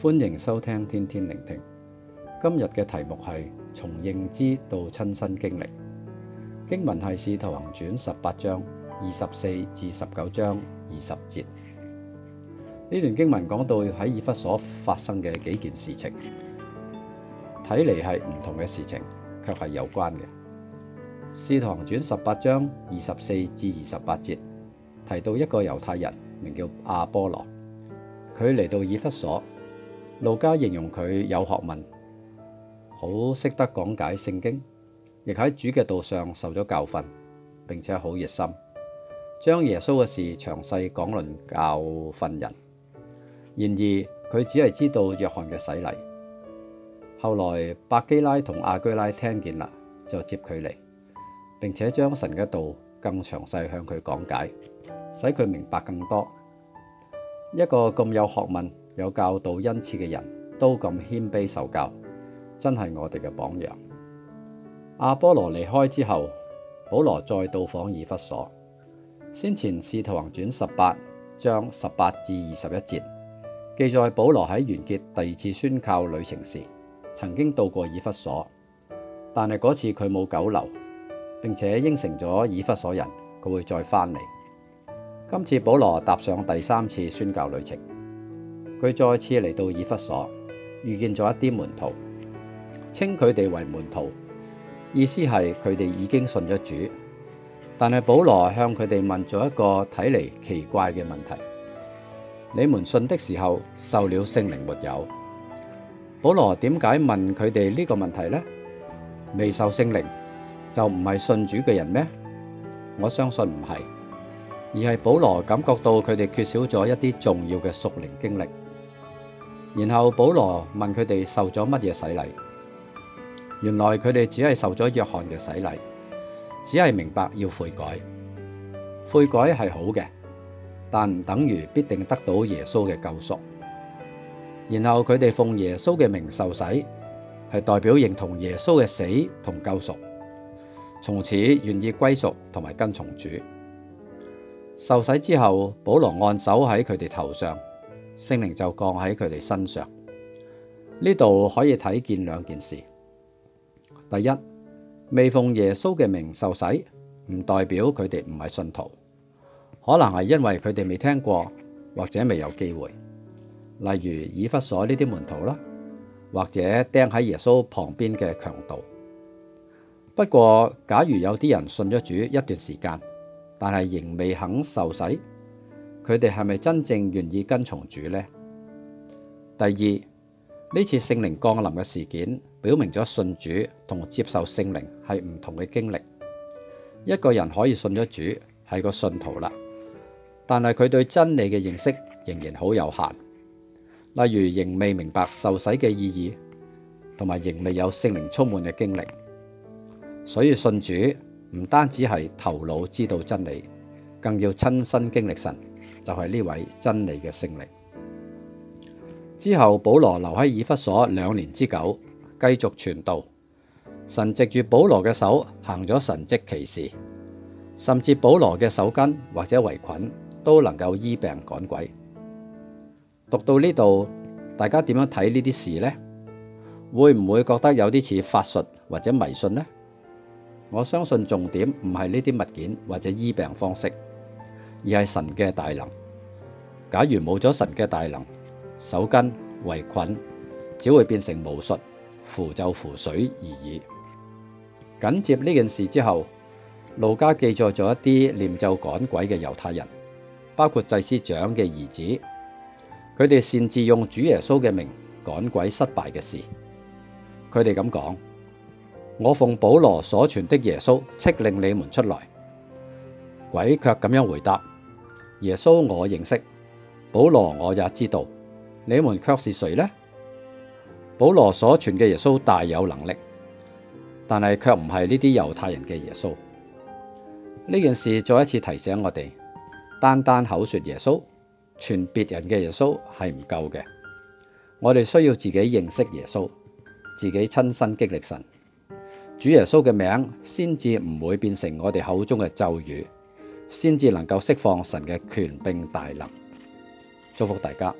歡迎收聽天天聆聽。今日嘅題目係從認知到親身經歷，經文係《使徒行傳》十八章二十四至十九章二十節。呢段經文講到喺以弗所發生嘅幾件事情，睇嚟係唔同嘅事情，卻係有關嘅。《使徒行傳》十八章二十四至二十八節提到一個猶太人名叫亞波羅，佢嚟到以弗所。路加形容佢有學問，好識得講解聖經，亦喺主嘅道上受咗教訓，並且好熱心，將耶穌嘅事詳細講論教訓人。然而佢只係知道約翰嘅洗禮。後來百基拉同亞居拉聽見啦，就接佢嚟，並且將神嘅道更詳細向佢講解，使佢明白更多。一個咁有學問，有教導恩賜嘅人都咁謙卑受教，真係我哋嘅榜樣。亞波羅離開之後，保羅再到訪以弗所。先前《使徒行傳》十八章十八至二十一節記載，保羅喺完結第二次宣教旅程時，曾經到過以弗所，但係嗰次佢冇久留，並且應承咗以弗所人佢會再翻嚟。今次保羅踏上第三次宣教旅程。佢再次嚟到以弗所，遇見咗一啲門徒，稱佢哋為門徒，意思係佢哋已經信咗主。但係保羅向佢哋問咗一個睇嚟奇怪嘅問題：你們信的時候受了聖靈沒有？保羅點解問佢哋呢個問題呢？未受聖靈就唔係信主嘅人咩？我相信唔係，而係保羅感覺到佢哋缺少咗一啲重要嘅屬靈經歷。然後保羅問佢哋受咗乜嘢洗禮，原來佢哋只係受咗約翰嘅洗禮，只係明白要悔改。悔改係好嘅，但唔等於必定得到耶穌嘅救贖。然後佢哋奉耶穌嘅名受洗，係代表認同耶穌嘅死同救贖，從此願意歸屬同埋跟從主。受洗之後，保羅按手喺佢哋頭上。聖靈就降喺佢哋身上，呢度可以睇見兩件事。第一，未奉耶穌嘅名受洗，唔代表佢哋唔係信徒，可能係因為佢哋未聽過或者未有機會，例如以弗所呢啲門徒啦，或者釘喺耶穌旁邊嘅強盜。不過，假如有啲人信咗主一段時間，但係仍未肯受洗，佢哋係咪真正願意跟從主呢？第二，呢次聖靈降臨嘅事件，表明咗信主同接受聖靈係唔同嘅經歷。一個人可以信咗主，係個信徒啦，但係佢對真理嘅認識仍然好有限，例如仍未明白受洗嘅意義，同埋仍未有聖靈充滿嘅經歷。所以，信主唔單止係頭腦知道真理，更要親身經歷神。就係呢位真理嘅聖靈。之後保羅留喺以弗所兩年之久，繼續傳道。神藉住保羅嘅手行咗神蹟奇事，甚至保羅嘅手巾或者圍裙都能夠醫病趕鬼。讀到呢度，大家點樣睇呢啲事呢？會唔會覺得有啲似法術或者迷信呢？我相信重點唔係呢啲物件或者醫病方式。而係神嘅大能，假如冇咗神嘅大能，手巾圍裙只會變成巫術符咒符水而已。緊接呢件事之後，路加記載咗一啲念咒趕鬼嘅猶太人，包括祭司長嘅兒子，佢哋擅自用主耶穌嘅名趕鬼失敗嘅事，佢哋咁講：我奉保羅所傳的耶穌，斥令你們出來，鬼却咁樣回答。耶穌我認識，保羅我也知道，你們卻是誰呢？保羅所傳嘅耶穌大有能力，但係卻唔係呢啲猶太人嘅耶穌。呢件事再一次提醒我哋，單單口說耶穌，傳別人嘅耶穌係唔夠嘅。我哋需要自己認識耶穌，自己親身經歷神。主耶穌嘅名，先至唔會變成我哋口中嘅咒語，先至能夠釋放神嘅權柄大能，祝福大家。